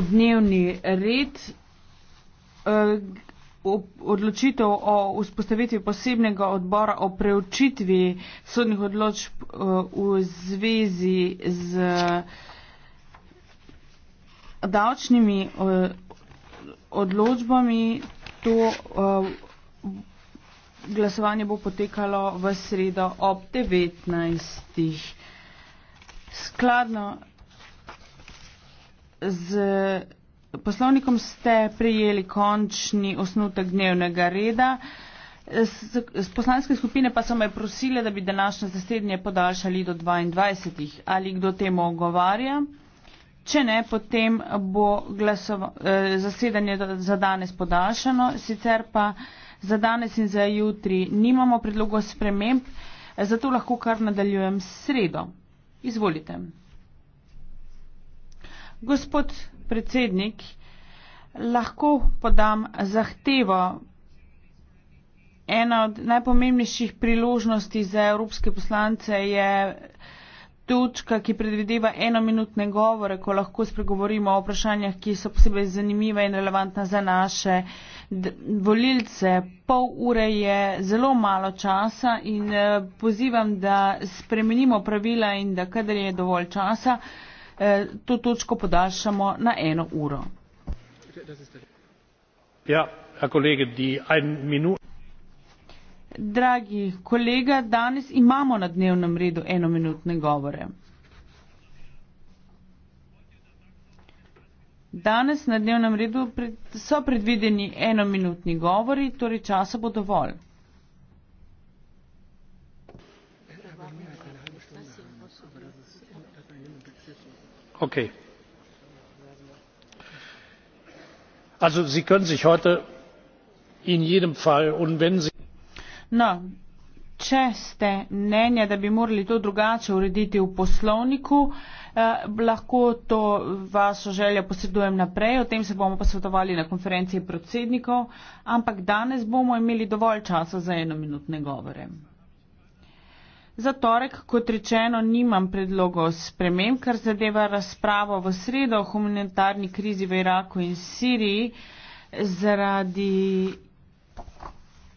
dnevni red. Eh, odločitev o vzpostavitvi posebnega odbora o preučitvi sodnih odločb eh, v zvezi z eh, davčnimi odločbami, to glasovanje bo potekalo v sredo ob 19. Skladno z poslovnikom ste prijeli končni osnutek dnevnega reda. Z poslanske skupine pa so me prosile, da bi današnje zasednje podaljšali do 22. Ali kdo temu ogovarja? Če ne, potem bo glasova, eh, zasedanje za danes podaljšano. Sicer pa za danes in za jutri nimamo predlogov sprememb, eh, zato lahko kar nadaljujem sredo. Izvolite. Gospod predsednik, lahko podam zahtevo. Ena od najpomembnejših priložnosti za evropske poslance je točka, ki predvideva enominutne govore, ko lahko spregovorimo o vprašanjah, ki so posebej zanimive in relevantna za naše volilce. Pol ure je zelo malo časa in eh, pozivam, da spremenimo pravila in da kadar je dovolj časa, Eh, to točko podaljšamo na eno uro. Ja, Dragi kolega, danes imamo na dnevnem redu enominutne govore. Danes na dnevnem redu so predvideni enominutni govori, torej časa bo dovolj. also sie können sich heute in jedem fall und wenn sie. no če ste mnenja da bi morali to drugače urediti v poslovniku eh, lahko to vašo željo posredujem naprej o tem se bomo posvetovali na konferenciji predsednikov ampak danes bomo imeli dovolj časa za enominutne govore. Za torek, kot rečeno, nimam predlogov sprememb, kar zadeva razpravo v sredo o humanitarni krizi v Iraku in Siriji zaradi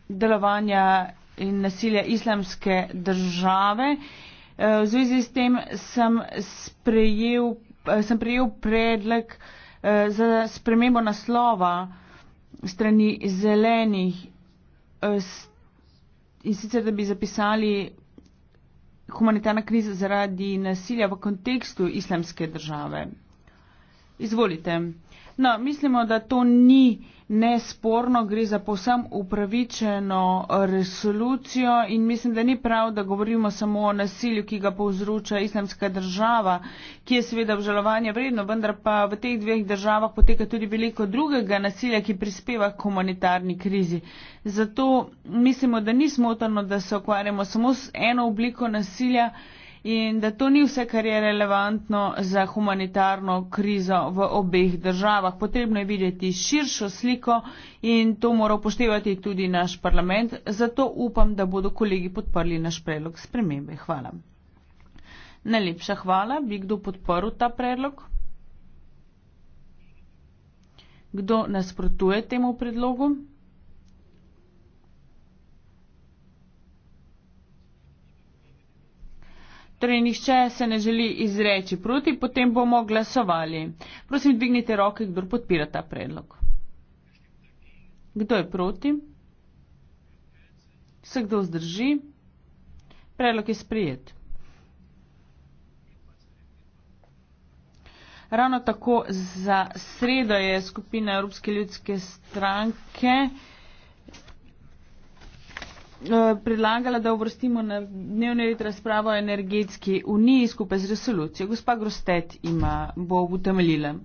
delovanja in nasilja islamske države. Eh, v zvezi s tem sem, sprejel, eh, sem prejel predlog eh, za spremembo naslova strani zelenih in sicer, da bi zapisali humanitarna kriza zaradi nasilja v kontekstu islamske države. Izvolite. No, mislimo, da to ni nesporno, gre za povsem upravičeno resolucijo in mislim, da ni prav, da govorimo samo o nasilju, ki ga povzroča islamska država, ki je seveda obžalovanje vredno, vendar pa v teh dveh državah poteka tudi veliko drugega nasilja, ki prispeva k humanitarni krizi. Zato mislimo, da ni smotrno, da se okvarjamo samo z eno obliko nasilja in da to ni vse, kar je relevantno za humanitarno krizo v obeh državah. Potrebno je videti širšo sliko in to mora upoštevati tudi naš parlament. Zato upam, da bodo kolegi podprli naš predlog spremembe. Hvala. Najlepša hvala. Bi kdo podporil ta predlog? Kdo nasprotuje temu predlogu? Torej, nihče se ne želi izreči proti, potem bomo glasovali. Prosim, dvignite roke, kdo podpira ta predlog. Kdo je proti? Vse, kdo zdrži? Predlog je sprijet. Ravno tako za sredo je skupina Evropske ljudske stranke. Eh, predlagala, da uvrstimo na dnevni red razpravo o energetski uniji skupaj z resolucijo. Gospa Grostet ima, bo utemeljila.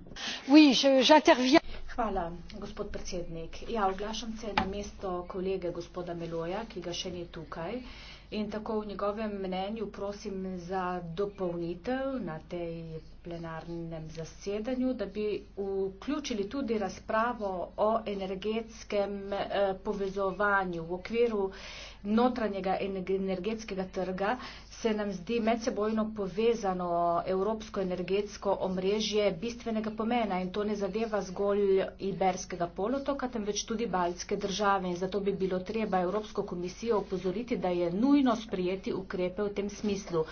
Hvala, gospod predsednik. Ja, oglašam se na mesto kolege gospoda Meloja, ki ga še ni tukaj. In tako v njegovem mnenju prosim za dopolnitev na tej plenarnem zasedanju, da bi vključili tudi razpravo o energetskem eh, povezovanju v okviru notranjega energetskega trga. Se nam zdi medsebojno povezano evropsko energetsko omrežje bistvenega pomena in to ne zadeva zgolj Iberskega polotoka, temveč tudi Baljske države. In zato bi bilo treba Evropsko komisijo opozoriti, da je nujno sprijeti ukrepe v tem smislu.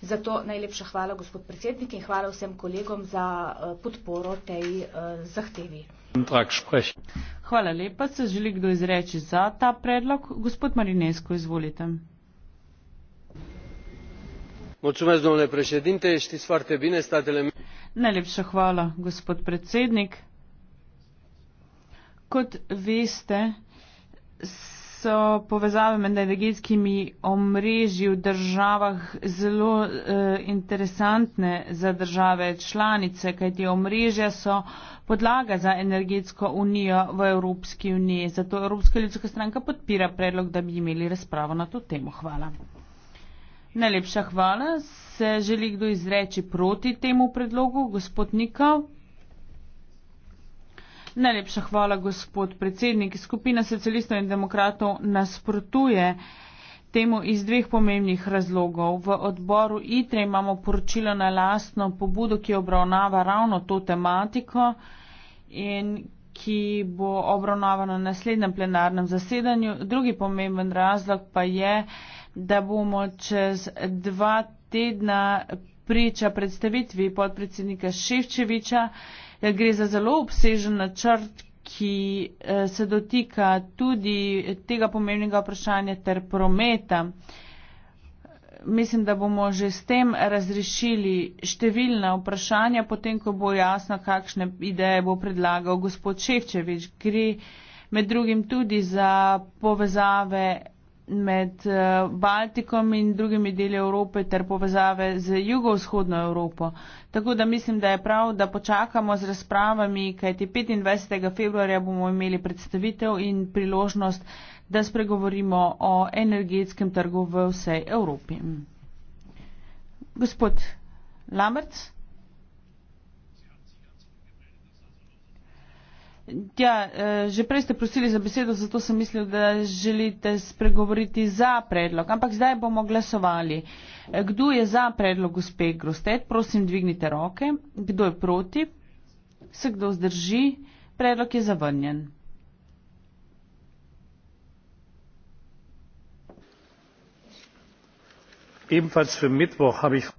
Zato najlepša hvala, gospod predsednik, in hvala vsem kolegom za eh, podporo tej eh, zahtevi. Hvala lepa. Se želi kdo izreči za ta predlog? Gospod Marinesko, izvolite. Mulțumesc, domnule președinte, știți foarte bine statele mele. Najlepša hvala, gospod predsednik. Kot veste, so povezave med energetskimi omrežji v državah zelo eh, interesantne za države članice, kajti omrežja so podlaga za energetsko unijo v Evropski uniji. Zato Evropska ljudska stranka podpira predlog, da bi imeli razpravo na to temo. Hvala. Najlepša hvala. Se želi kdo izreči proti temu predlogu? Gospod Nikov. Najlepša hvala, gospod predsednik. Skupina socialistov in demokratov nasprotuje temu iz dveh pomembnih razlogov. V odboru ITRE imamo poročilo na lastno pobudo, ki obravnava ravno to tematiko in ki bo obravnavana na naslednjem plenarnem zasedanju. Drugi pomemben razlog pa je, da bomo čez dva tedna priča predstavitvi podpredsednika Ševčeviča. Ja, gre za zelo obsežen načrt, ki eh, se dotika tudi tega pomembnega vprašanja ter prometa. Mislim, da bomo že s tem razrešili številna vprašanja, potem, ko bo jasno, kakšne ideje bo predlagal gospod Ševčevič. Gre med drugim tudi za povezave med eh, Baltikom in drugimi deli Evrope ter povezave z jugovzhodno Evropo. Tako da mislim, da je prav, da počakamo z razpravami, kajti 25. februarja bomo imeli predstavitev in priložnost, da spregovorimo o energetskem trgu v vsej Evropi. Gospod Lamrc. Ja, eh, že prej ste prosili za besedo, zato sem mislil, da želite spregovoriti za predlog, ampak zdaj bomo glasovali. Eh, kdo je za predlog gospe Grostet? Prosim, dvignite roke. Kdo je proti? Se kdo zdrži? Predlog je zavrnjen. Ebenfalls für Mittwoch habe ich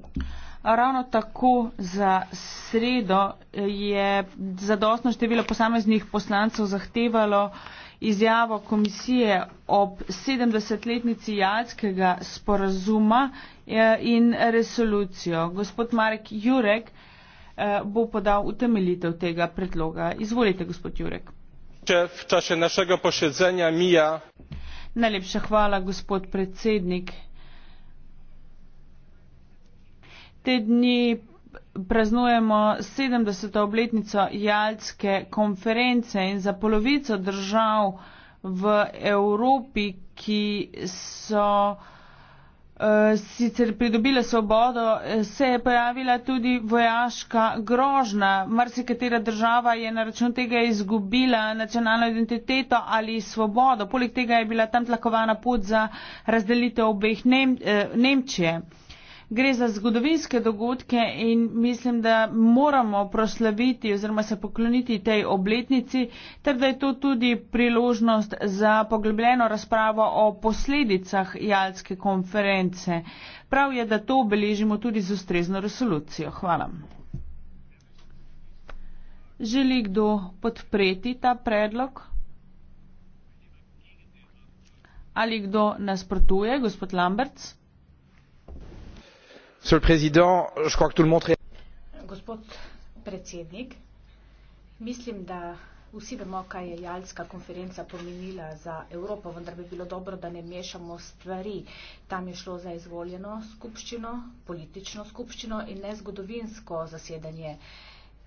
ravno tako za sredo je zadostno število posameznih poslancev zahtevalo izjavo komisije ob 70-letnici jalskega sporazuma eh, in resolucijo. Gospod Marek Jurek eh, bo podal utemeljitev tega predloga. Izvolite, gospod Jurek. Če v čase našega posedzenja mija. Najlepša hvala, gospod predsednik. te dni praznujemo 70. obletnico Jalske konference in za polovico držav v Evropi, ki so eh, sicer pridobile svobodo, se je pojavila tudi vojaška grožna. Marsikatera država je na račun tega izgubila nacionalno identiteto ali svobodo. Poleg tega je bila tam tlakovana pot za razdelitev obeh Nem eh, Nemčije gre za zgodovinske dogodke in mislim, da moramo proslaviti oziroma se pokloniti tej obletnici, ter da je to tudi priložnost za poglobljeno razpravo o posledicah Jalske konference. Prav je, da to obeležimo tudi z ustrezno resolucijo. Hvala. Želi kdo podpreti ta predlog? Ali kdo nasprotuje? Gospod Lamberts monsieur le président je crois que tout le monde Vsi vemo, kaj je Jalska konferenca pomenila za Evropo, vendar bi bilo dobro, da ne mešamo stvari. Tam je šlo za izvoljeno skupščino, politično skupščino in ne zgodovinsko zasedanje.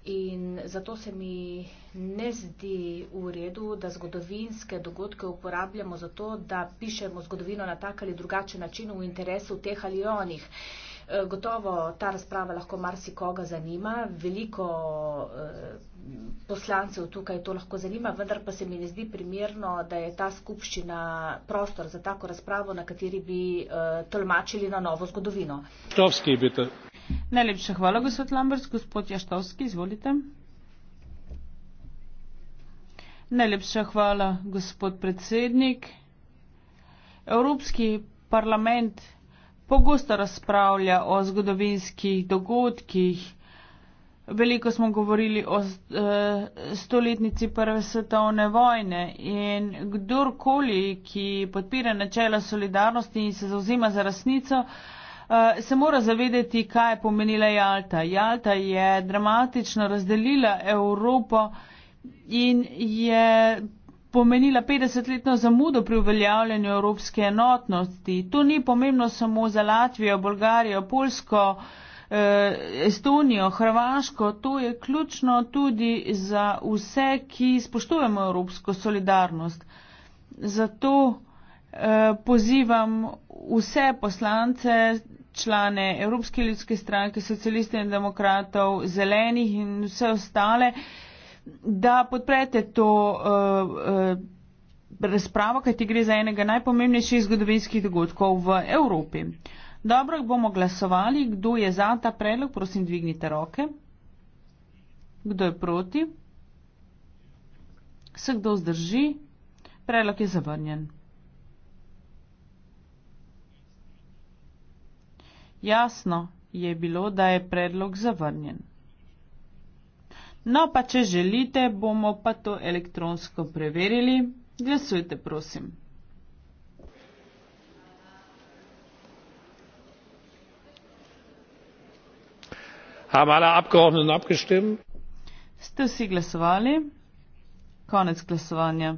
In zato se mi ne zdi v redu, da zgodovinske dogodke uporabljamo za to, da pišemo zgodovino na tak ali drugačen način v interesu teh ali onih. Eh, gotovo ta razprava lahko marsikoga zanima, veliko eh, poslancev tukaj to lahko zanima, vendar pa se mi ne zdi primerno, da je ta skupščina prostor za tako razpravo, na kateri bi eh, tolmačili na novo zgodovino. Štovski, bitte. Najlepša hvala, gospod Lambers. Gospod Jaštovski, izvolite. Najlepša hvala, gospod predsednik. Evropski parlament pogosto razpravlja o zgodovinskih dogodkih. Veliko smo govorili o e, stoletnici Prve svetovne vojne in kdorkoli, ki podpira načela solidarnosti in se zauzima za resnico, e, se mora zavedeti, kaj je pomenila Jalta. Jalta je dramatično razdelila Evropo in je pomenila 50-letno zamudo pri uveljavljanju evropske enotnosti. To ni pomembno samo za Latvijo, Bolgarijo, Polsko, eh, Estonijo, Hrvaško, to je ključno tudi za vse, ki spoštujemo evropsko solidarnost. Zato eh, pozivam vse poslance, člane Evropske ljudske stranke, socialiste in demokratov, zelenih in vse ostale, eh, da podprete to eh, eh, razpravo, kajti gre za enega najpomembnejših zgodovinskih dogodkov v Evropi. Dobro, bomo glasovali. Kdo je za ta predlog? Prosim, dvignite roke. Kdo je proti? Se kdo zdrži? Predlog je zavrnjen. Jasno je bilo, da je predlog zavrnjen. No, pa če želite, bomo pa to elektronsko preverili. Glasujte, prosim. Ste vsi glasovali? Konec glasovanja.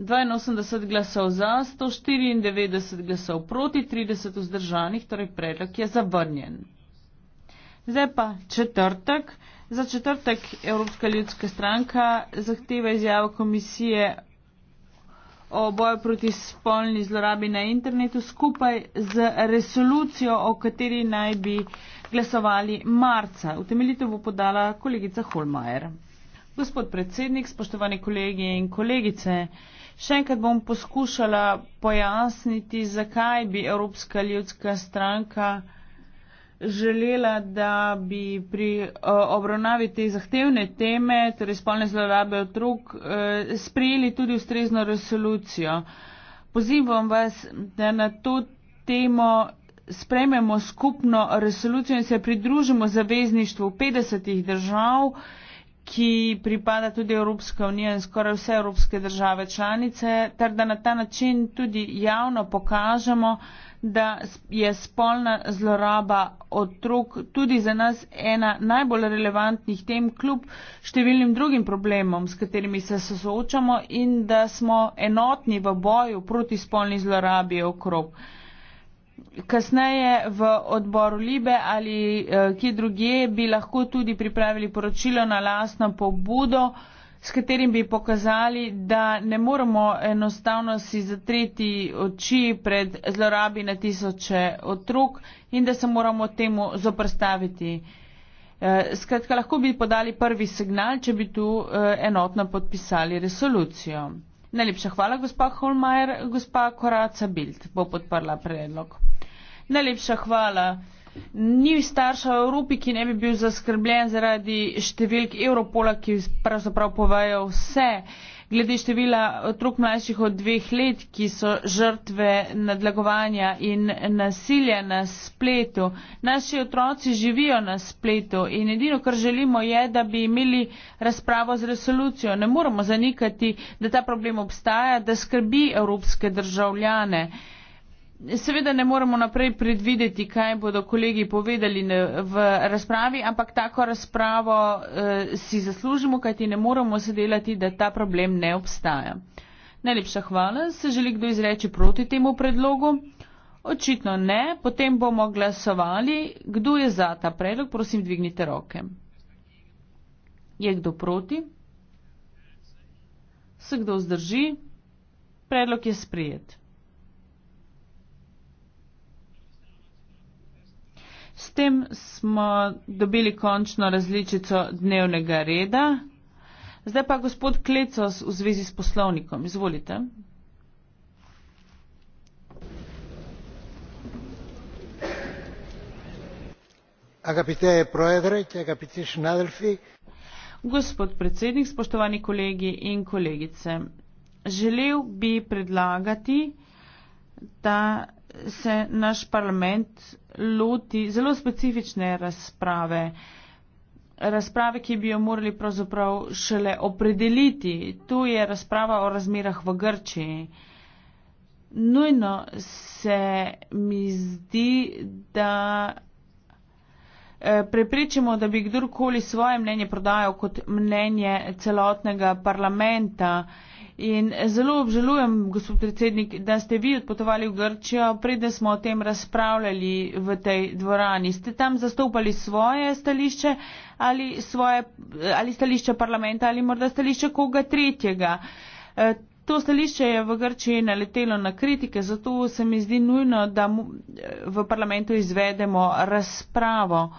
82 glasov za, 194 glasov proti, 30 vzdržanih, torej predlog je zavrnjen. Zdaj pa četrtek. Za četrtek Evropska ljudska stranka zahteva izjavo komisije o boju proti spolni zlorabi na internetu skupaj z resolucijo, o kateri naj bi glasovali marca. Utemeljitev bo podala kolegica Holmajer. Gospod predsednik, spoštovani kolegi in kolegice, Še enkrat bom poskušala pojasniti, zakaj bi Evropska ljudska stranka želela, da bi pri obravnavi te zahtevne teme, torej spolne zlorabe otrok, e, sprejeli tudi ustrezno resolucijo. Pozivam vas, da na to temo sprememo skupno resolucijo in se pridružimo zavezništvu 50 držav ki pripada tudi Evropska unija in skoraj vse evropske države članice, ter da na ta način tudi javno pokažemo, da je spolna zloraba otrok tudi za nas ena najbolj relevantnih tem, kljub številnim drugim problemom, s katerimi se soočamo in da smo enotni v boju proti spolni zlorabi okrog kasneje v odboru Libe ali uh, kje drugje bi lahko tudi pripravili poročilo na lastno pobudo, s katerim bi pokazali, da ne moramo enostavno si zatreti oči pred zlorabi na tisoče otrok in da se moramo temu zoprstaviti. Uh, skratka, lahko bi podali prvi signal, če bi tu uh, enotno podpisali resolucijo. Najlepša hvala, gospa Holmajer. Gospa Koraca Bild bo podprla predlog. Najlepša hvala. Ni starša v Evropi, ki ne bi bil zaskrbljen zaradi številk Evropola, ki pravzaprav povejo vse. Glede števila otrok mlajših od dveh let, ki so žrtve nadlegovanja in nasilja na spletu. Naši otroci živijo na spletu in edino, kar želimo je, da bi imeli razpravo z resolucijo. Ne moramo zanikati, da ta problem obstaja, da skrbi evropske državljane. Seveda ne moremo naprej predvideti, kaj bodo kolegi povedali v razpravi, ampak tako razpravo eh, si zaslužimo, kajti ne moremo se delati, da ta problem ne obstaja. Najlepša hvala. Se želi kdo izreči proti temu predlogu? Očitno ne. Potem bomo glasovali. Kdo je za ta predlog? Prosim, dvignite roke. Je kdo proti? Se kdo zdrži? Predlog je sprijet. tem smo dobili končno različico dnevnega reda. Zdaj pa gospod Klecos v zvezi s poslovnikom. Izvolite. Agapite proedre, agapite šnadelfi. Gospod predsednik, spoštovani kolegi in kolegice, želel bi predlagati, da se naš parlament loti zelo specifične razprave. Razprave, ki bi jo morali pravzaprav šele opredeliti. Tu je razprava o razmerah v Grčiji. Nujno se mi zdi, da eh, prepričamo, da bi kdorkoli svoje mnenje prodajal kot mnenje celotnega parlamenta. In zelo obžalujem, gospod predsednik, da ste vi odpotovali v Grčijo, preden smo o tem razpravljali v tej dvorani. Ste tam zastopali svoje stališče ali, svoje, ali stališče parlamenta ali morda stališče koga tretjega? E, to stališče je v Grčiji naletelo na kritike, zato se mi zdi nujno, da e, v parlamentu izvedemo razpravo.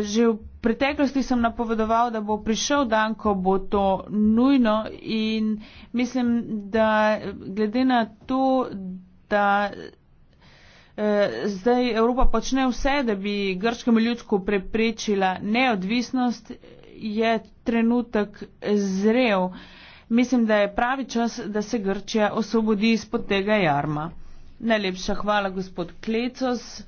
Že v preteklosti sem napovedoval, da bo prišel dan, ko bo to nujno in mislim, da glede na to, da eh, zdaj Evropa počne vse, da bi grškemu ljudsku preprečila neodvisnost, je trenutek zrel. Mislim, da je pravi čas, da se Grčija osvobodi izpod tega jarma. Najlepša hvala, gospod Klecos.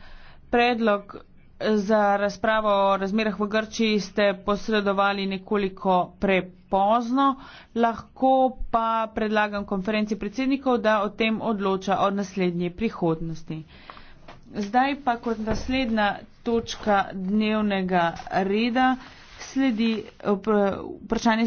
Predlog za razpravo o razmerah v Grčiji ste posredovali nekoliko prepozno, lahko pa predlagam konferenci predsednikov, da o tem odloča o naslednji prihodnosti. Zdaj pa kot naslednja točka dnevnega reda sledi eh, vprašanje.